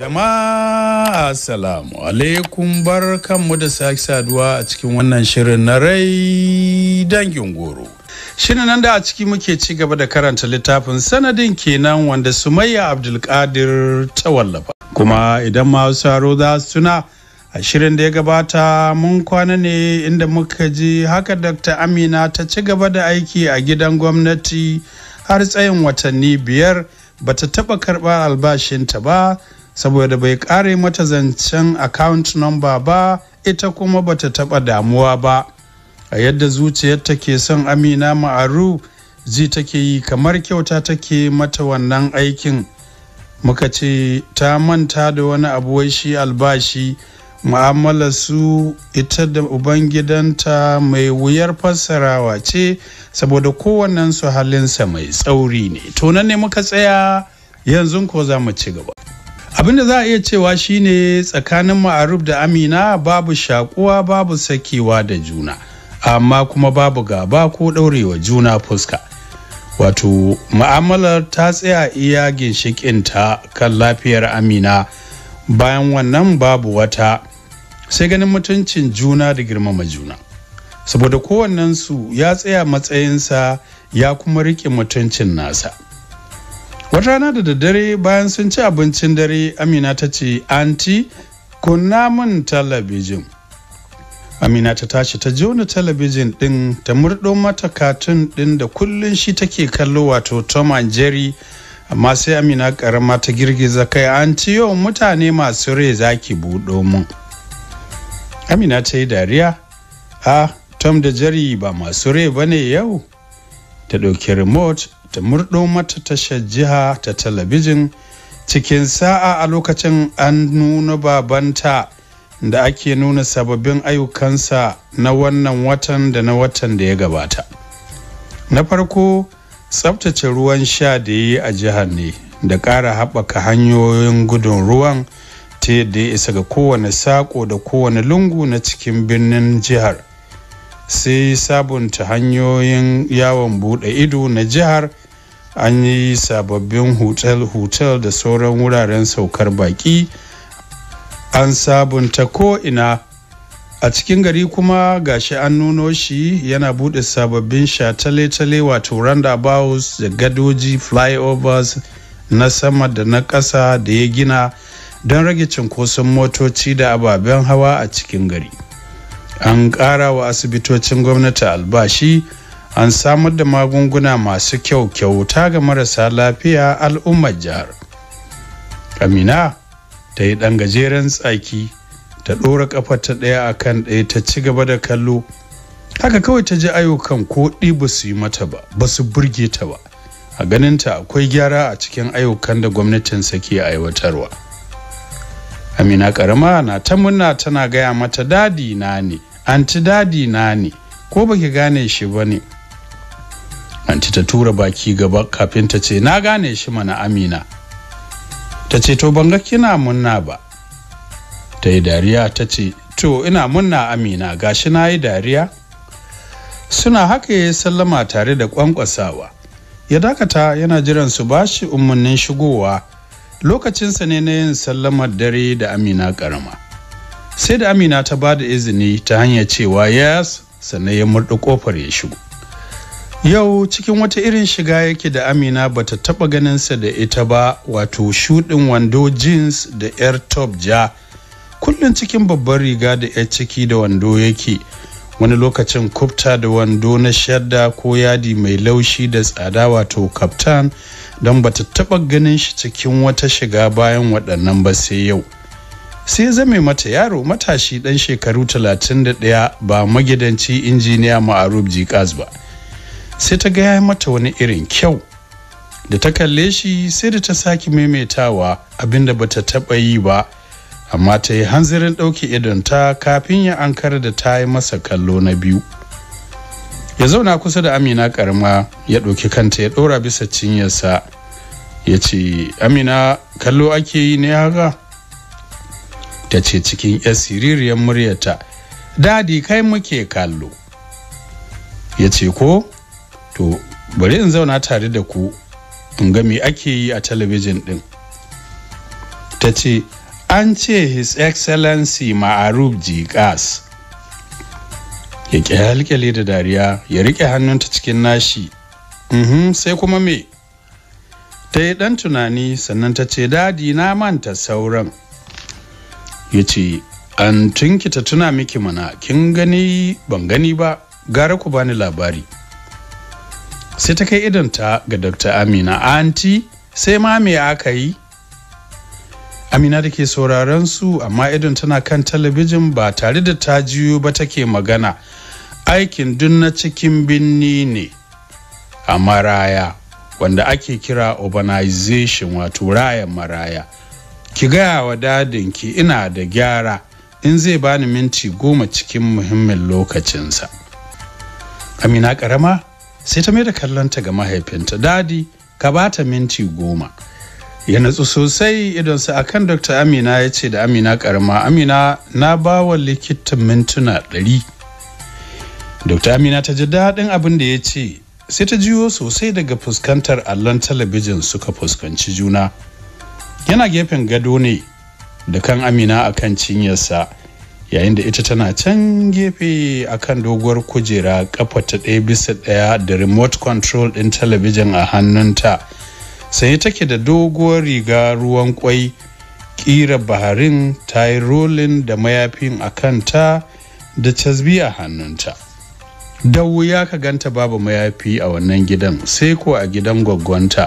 Jama'a Assalamu alaikum bar kanmu da sake saduwa a cikin wannan shirin na rai dangin goro. Shirin nan da a ciki muke ci gaba da karanta littafin sanadin kenan wanda Sumayya Abdulkadir ta wallafa. Kuma idan masu saro za su tuna a shirin da ya gabata mun kwana ne inda muka ji haka Dr. Amina ta ci gaba da aiki a gidan gwamnati har tsayin watanni biyar bata taba karɓar albashinta ba. saboda bai kare mata zancen account number ba ita kuma bata taba damuwa ba a yadda zuciyarta ke son amina ma'aru ji take yi kamar kyauta take mata wannan aikin muka ce ta manta da wani abu wai shi albashi mu'amalar su ita da ubangidanta mai wuyar fassarawa ce saboda kowannen su halinsa mai tsauri ne to nan ne muka tsaya yanzu ko za mu ci gaba Abin da za a iya cewa shine tsakanin ma'aruf da amina babu shakuwa babu sakewa da juna amma kuma babu gaba ko ɗaurewa juna fuska wato ma'amalar ta tsaya iya ginshikinta kan lafiyar amina bayan wannan babu wata sai ganin mutuncin juna da girmama juna saboda kowannensu ya tsaya matsayinsa ya kuma riƙe mutuncin nasa wata rana da daddare bayan sun ci abincin dare amina ta ce anti kunna mun talabijin amina ta tashi ta jona talabijin din ta murdo mata katun din da kullun shi take kallo wato tom and jerry amma sai amina karama ta girgiza kai "Anti, yau mutane masu rai zaki buɗo mun amina ta yi dariya a ah, tom da jerry ba masu rai bane yau ta ɗauki remote Da murɗo mata tashar jiha ta talabijin cikin sa'a a lokacin an nuna babanta da ake nuna sababbin ayyukansa na wannan watan da na watan da ya gabata na farko tsabtace ruwan sha da yi a jihar ne da ƙara haɓaka hanyoyin gudun ruwan ta yadda ya isa ga kowane saƙo da kowane lungu na cikin birnin jihar sai sabunta hanyoyin yawon buɗe ido na jihar an yi sababbin hotel-hotel da sauran wuraren saukar baki an sabunta ko'ina a cikin gari kuma gashi an nuno shi yana bude sababbin shatale-tale wato roundabouts da gadoji flyovers na sama da na ƙasa da ya gina don rage cinkoson motoci da ababen hawa a cikin gari an ƙara wa asibitocin gwamnati albashi an samar da magunguna masu kyau kyauta ga marasa lafiya al'ummar jihar amina ta yi ɗan gajeren tsaki ta ɗora ƙafa ta ɗaya a kan ɗaya ta ci gaba da kallo haka kawai ta ji ayyukan ko ɗi ba su yi mata ba ba su burge ta ba a ganinta akwai gyara a cikin ayyukan da gwamnatin sake aiwatarwa amina karama na ta munna tana gaya mata dadi na ne anti dadi na ne ko baki gane shi ba ne anti ta tura baki gaba kafin ta ce na gane shi mana amina ta ce to ban kina munna ba ta yi dariya ta ce to ina munna amina gashi na yi dariya suna haka ya sallama tare da kwankwasawa ya dakata yana jiran su bashi umarnin shigowa lokacinsa ne na yin sallamar dare da amina karama sai da amina ta ba da izini ta hanyar cewa yes sannan ya murɗi kofar ya shigo yau cikin wata irin shiga yake da amina bata taba ganinsa da ita ba wato shuɗin wando jeans da yar top ja kullum cikin babbar riga da yar ciki da wando yake wani lokacin kufta da wando na shadda ko yadi mai laushi da tsada wato kaftan don bata taba ganin shi cikin wata shiga bayan waɗannan ba sai yau sai zame mata yaro matashi ɗan shekaru 31 ba magidanci injiniya ma'aruf jikas ba sai ta gaya mata wani irin kyau da ta kalle shi sai da ta sake maimaitawa abinda ba ta taɓa yi ba amma ta yi hanzirin ɗauke idonta kafin ya ankar da ta yi masa kallo na biyu ya zauna kusa da amina karama ya ɗauki kanta ya ɗora bisa cinyarsa ya ce amina kallo ake yi ne haka ta ce cikin yar siririyar muryarta dadi kai muke kallo ya ce ko to bari in zauna tare da ku in ga me ake yi a talabijin din ta ce an ce his excellency ma'aruf jikas ya kyalkyale da dariya ya rike hannunta cikin nashi mhm sai kuma me ta yi dan tunani sannan ta ce dadi na manta sauran ya ce an tunkita tuna miki mana kin gani ban gani ba gara ku bani labari sai ta kai idonta ga dr amina anti sai ma me aka yi amina da ke sauraron su amma idon tana kan talabijin ba tare da ta jiyo ba take magana aikin dun na cikin binni ne a maraya wanda ake kira urbanization wato rayan maraya ki gaya wa dadinki ina da gyara in zai bani minti goma cikin muhimmin lokacinsa amina karama sai ta mai da kallonta ga mahaifinta dadi ka ba ta minti goma ya natsu sosai idonsa akan dr amina ya ce da amina karama amina na ba wa likitan mintuna ɗari dr amina ta ji daɗin abin da ya ce sai ta jiyo sosai daga fuskantar allon talabijin suka fuskanci juna yana gefen gado ne da kan amina akan kan cinyarsa yayin da ita tana can gefe akan doguwar kujera kafa ta ɗaya bisa ɗaya da remote control ɗin talabijin a hannunta sai take da doguwar riga ruwan kwai kira baharin ta yi rolin da mayafin a kanta da casbi a hannunta da wuya ka ganta babu mayafi a wannan gidan sai ko a gidan ta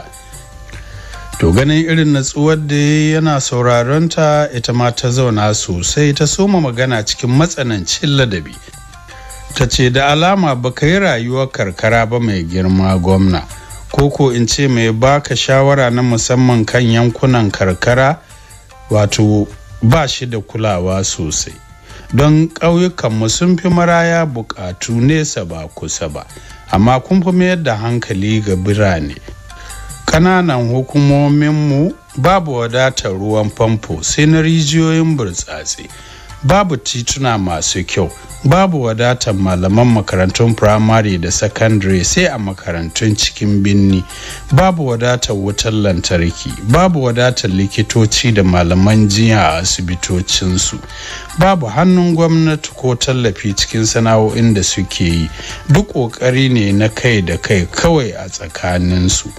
to ganin irin natsuwar da yana sauraron ta ita ma ta zauna sosai ta soma magana cikin matsanancin ladabi ta ce da alama baka yi rayuwar karkara ba mai girma gwamna ko ko in ce mai baka shawara na musamman kan yankunan karkara wato ba shi da kulawa sosai don ƙauyukanmu sun fi maraya buƙatu nesa ba kusa ba amma kun fi mayar da hankali ga birane kananan hukumominmu babu wadatar ruwan famfo sai na rijiyoyin burtsatse babu tituna masu kyau babu wadatar malaman makarantun firamare da sakandare sai a makarantun cikin binni babu wadatar wutar lantarki babu wadatar likitoci da malaman jiya a asibitocinsu babu hannun gwamnati ko tallafi cikin sana'o'in da suke yi duk ƙoƙari ne na kai da kai kawai a tsakaninsu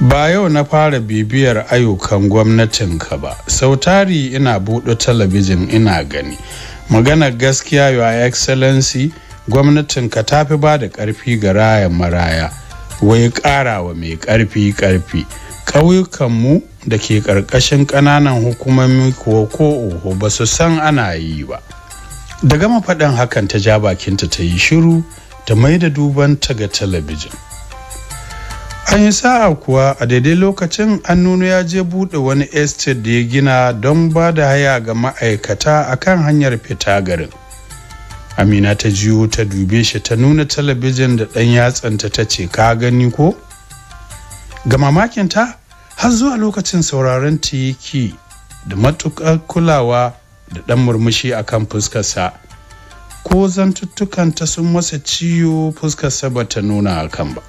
ba yau na fara bibiyar ayyukan gwamnatinka ba sautari ina buɗe talabijin ina gani magana gaskiya your excellency gwamnatinka ta fi ba da ƙarfi ga rayan maraya wai ƙara wa mai ƙarfi ƙarfi ƙauyukanmu da ke ƙarƙashin ƙananan hukumomi ko ko oho ba su san ana yi ba da gama faɗin hakan ta ja bakinta ta yi shiru ta mai da dubanta ga talabijin an yi sa'a kuwa a daidai lokacin an nuno ya je buɗe wani estate da ya gina don ba da haya ga ma'aikata a kan hanyar fita garin amina ta jiyo ta dube shi ta nuna talabijin da ɗan yatsanta ta ce ka gani ko ga mamakin ta, har zuwa lokacin sauraron ta tiki da matuƙar kulawa da ɗan murmushi a kan fuskarsa ko zantuttukanta sun masa ciwo fuskarsa ba ta nuna a ba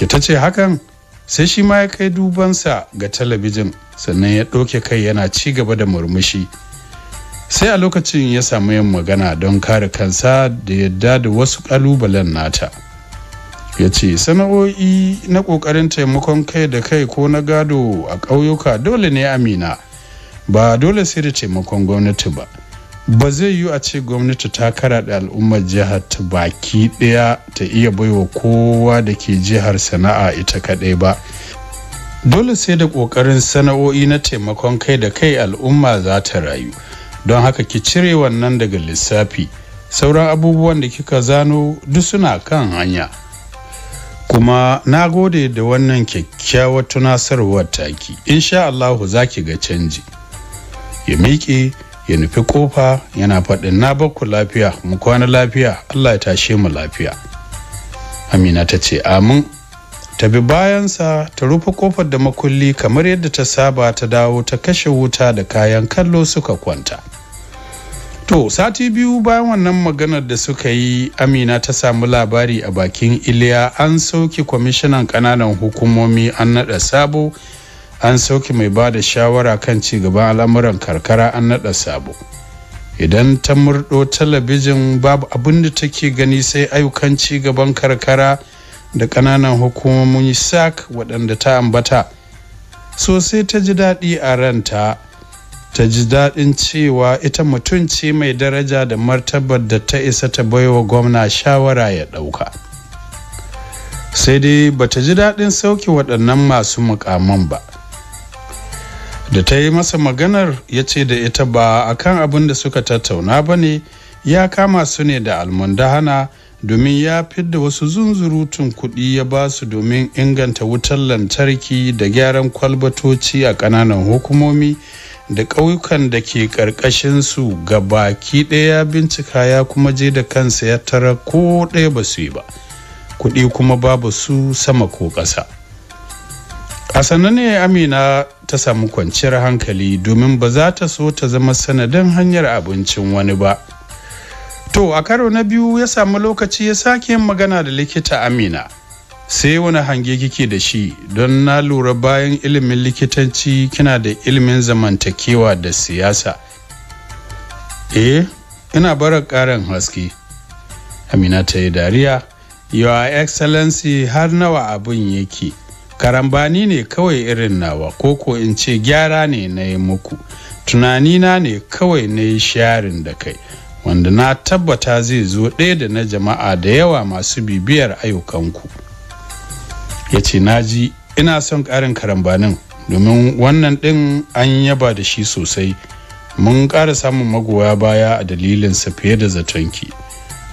da ta ce hakan sai shi ma ya kai dubansa ga talabijin sannan ya ɗauke kai yana ci gaba da murmushi sai a lokacin ya samu yin magana don kare kansa da yadda da wasu ƙalubalen nata ya ce sana'o'i na ƙoƙarin taimakon kai da kai ko na gado a ƙauyuka dole ne amina ba dole sai da taimakon gwamnati ba ba zai yiwu a ce gwamnati ta karaɗa al'ummar jihar ta baki ɗaya ta iya baiwa kowa da ke jihar sana'a ita kadai ba dole sai da ƙoƙarin sana'o'i na taimakon kai da kai al'umma za ta rayu don haka ki cire wannan daga lissafi sauran abubuwan da kika zano duk suna kan hanya kuma na gode da wannan kyakkyawar tunasarwar taki insha Allahu za ki ga canji ya miƙe ya nufi kofa yana faɗin na bakku lafiya mu kwana lafiya allah ya tashe mu lafiya amina ta ce amin ta bi bayansa ta rufe kofar da makulli kamar yadda ta saba ta dawo ta kashe wuta da kayan kallo suka kwanta to sati biyu bayan wannan maganar da suka yi amina ta samu labari a bakin iliya an sauke kwamishinan ƙananan hukumomi an naɗa sabo an sauke mai ba da shawara kan ci gaban al'amuran karkara an naɗa sabo idan ta murɗo talabijin babu abin da take gani sai ayyukan ci gaban karkara da ƙananan hukumomin sac waɗanda ta ambata sosai sai ta ji daɗi a ranta ta ji daɗin cewa ita mutunci mai daraja da martabar da ta isa ta baiwa gwamna shawara ya ɗauka sai dai bata ji daɗin sauke waɗannan masu mukaman ba da ta yi masa maganar ya ce da ita ba akan abin da suka tattauna ba ne ya kama su ne da almundahana domin ya da wasu zunzurutun kuɗi ya ba su domin inganta wutar lantarki da gyaran kwalbatoci a ƙananan hukumomi da ƙauyukan da ke su ga baki ɗaya bincika ya kuma je da kansa ya tara ko ɗaya ba su yi ba kuɗi kuma babu su sama ko ƙasa a sannan ne amina ta samu kwanciyar hankali domin ba za ta so ta zama sanadin hanyar abincin wani ba to a karo na biyu ya samu lokaci ya sake magana da likita amina sai wani hange kike da shi don na lura bayan ilimin likitanci kina da ilimin zamantakewa da siyasa eh ina bara karin haske amina ta yi dariya your excellency har nawa abin yake karambani ne kawai irin nawa ko ko in ce gyara ne na yi muku tunanina ne kawai na yi sharin da kai wanda na tabbata zai zo ɗaya da na jama'a da yawa masu bibiyar ayyukanku ya ce na ji ina son ƙarin karambanin domin wannan ɗin an yaba da shi sosai mun ƙara samun magoya baya a dalilinsa fiye da zatonki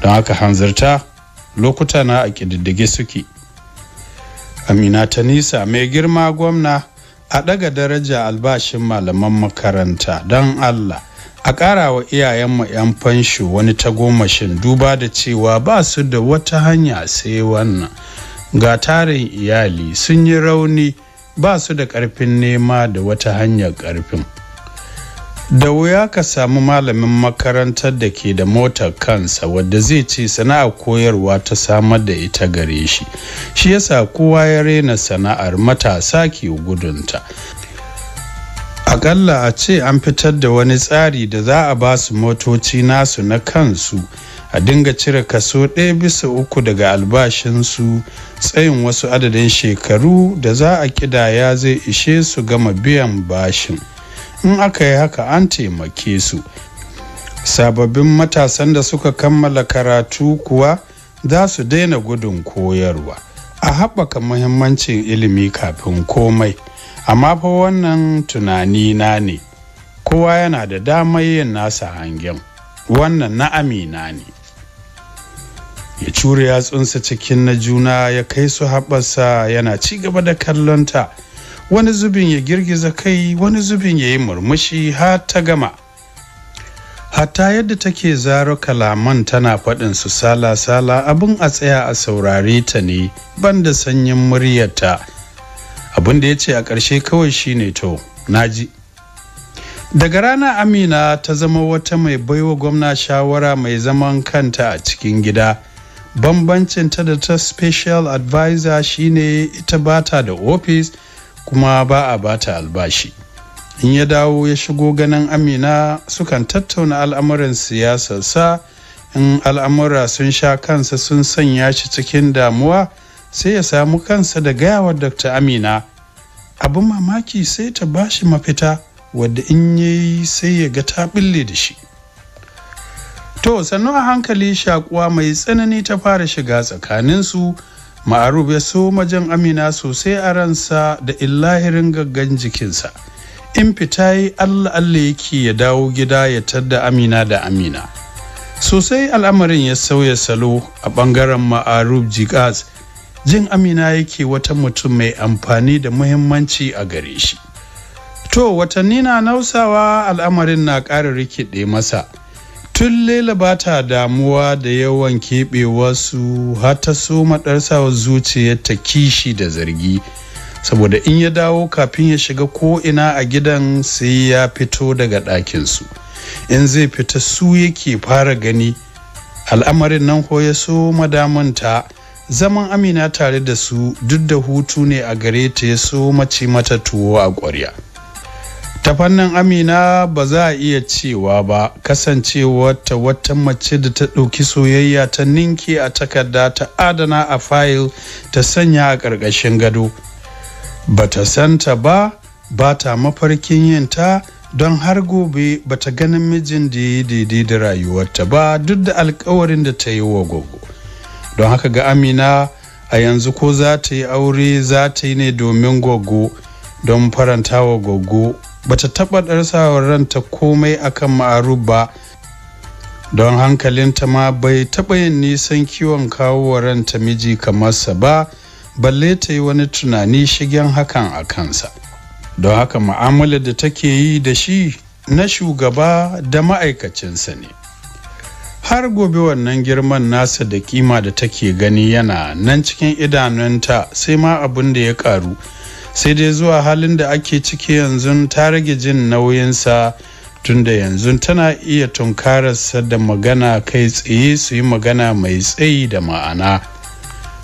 don haka hanzarta lokuta na a ƙididdige suke amina tanisa mai girma gwamna a ɗaga daraja albashin malaman makaranta don allah a ƙara wa iyayenmu 'yan fansho wani tagomashin duba da cewa ba su da wata hanya sai wannan ga tarin iyali sun yi rauni ba su da ƙarfin nema da wata hanyar ƙarfin da wuya ka samu malamin makarantar da ke da motar kansa wadda zai ce sana'a koyarwa ta samar da ita gare shi shi yasa kowa ya rena sana'ar matasa ke gudunta akalla a ce an fitar da wani tsari da za a basu motoci nasu na kansu a dinga cire kaso ɗaya bisa uku daga albashinsu tsayin wasu adadin shekaru da za a kidaya zai ishe su gama biyan bashin in aka yi haka an taimake su sababbin matasan da suka kammala karatu kuwa za su daina gudun koyarwa a haɓaka muhimmancin ilimi kafin komai amma fa wannan tunani na ne kowa yana da damar yin nasa hangen wannan na amina ne ya cure yatsunsa cikin na juna ya kai su haɓarsa yana ci gaba da kallonta wani zubin ya girgiza kai wani zubin ya yi murmushi har ta gama hatta yadda take zaro kalaman tana faɗin su sala-sala abin a tsaya a saurare ta ne ban da sanyin muryarta abin da ya ce a ƙarshe kawai shine to naji daga rana amina ta zama wata mai baiwa gwamna shawara mai zaman kanta a cikin gida bambancinta da ta special advisor shine ita bata da office kuma ba a bata albashi in ya dawo ya shigo ganin amina sukan tattauna al'amuran siyasarsa in al'amura sun sha kansa sun sanya shi cikin damuwa sai ya samu kansa da gayawa dr amina abin mamaki sai ta ba shi mafita wadda in ya yi sai ya ga ta bille da shi to sannu a hankali shakuwa mai tsanani ta fara shiga tsakaninsu ma'aruf ya so majan amina sosai a ransa da illahirin gaggan jikinsa in fita yi allah allah yake ya dawo gida ya tadda amina da amina sosai al'amarin ya sauya salo a bangaren ma'aruf Jigas, jin amina yake wata mutum mai amfani da muhimmanci a gare shi to watanni na nausawa al'amarin na ƙara rikide masa tun lela ba ta damuwa da yawan keɓewarsu har ta so zuciya ta kishi da zargi saboda in ya dawo kafin ya shiga ko'ina a gidan sai ya fito daga ɗakinsu in zai fita su yake fara gani al'amarin nan ko ya so madamanta zaman amina tare da su duk da hutu ne a gare ta ya so mace mata tuwo a ƙwarya. ta fannin amina ba za a iya cewa ba kasancewa ta wata mace da ta ɗauki soyayya ta ninke a takarda ta adana a fayil ta sanya a ƙarƙashin gado ba ta santa ba ba ta mafarkin yin ta don har gobe ba ta ganin mijin da ya daidai da rayuwarta ba duk da alkawarin da ta yi wa gogo don haka ga amina a yanzu ko za ta yi aure za ta yi ne domin gogo don faranta wa gogo bata taɓa ɗarsawa ranta komai akan ma'aru ba don hankalinta ma bai taɓa yin nisan kiwon kawo ranta miji kamar sa ba balle ta yi wani tunani shigen hakan a kansa don haka ma'amala da take yi da shi na shugaba da ma'aikacinsa ne har gobe wannan girman nasa da kima da take gani yana nan cikin idanunta sai ma abin da ya karu sai dai zuwa halin da ake ciki yanzu ta rage jin nauyinsa tunda yanzu tana iya tunkararsa da magana kai tsaye su yi magana mai tsayi da ma'ana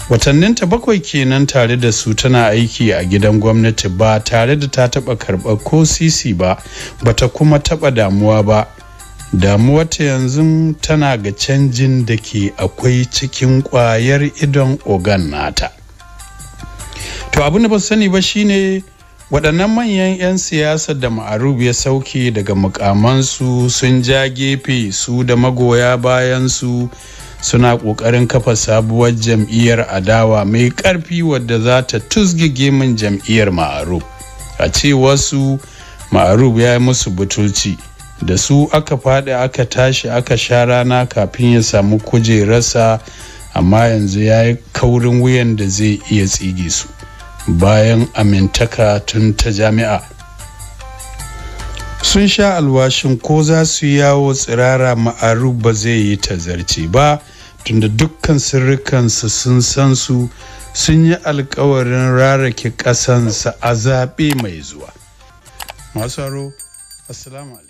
watanninta bakwai kenan tare da su tana aiki a gidan gwamnati ba tare da ta taba karɓar ko sisi ba bata kuma taba damuwa ba Damuwa ta yanzu tana ga canjin da ke akwai cikin ƙwayar idon ogan nata to abin da ba sani ba shine waɗannan manyan 'yan siyasa da ma'arub ya sauke daga mukamansu sun ja gefe su da magoya bayan su suna ƙoƙarin kafa sabuwar jam'iyyar adawa mai ƙarfi wadda za ta tusgige min jam'iyyar ma'arub a ce wasu ma'arub ya yi musu butulci da su aka faɗi aka tashi aka sha rana kafin ya samu kujerarsa amma yanzu ya yi kaurin wuyan da zai iya tsige su bayan amintaka tun ta jami'a sun sha alwashin ko za su yawo tsirara ma'aru ba zai yi ta tazarci ba tunda dukkan sirrikansu sun san su sun yi alkawarin rarake ƙasansa a zaɓe mai zuwa masu haro assalamu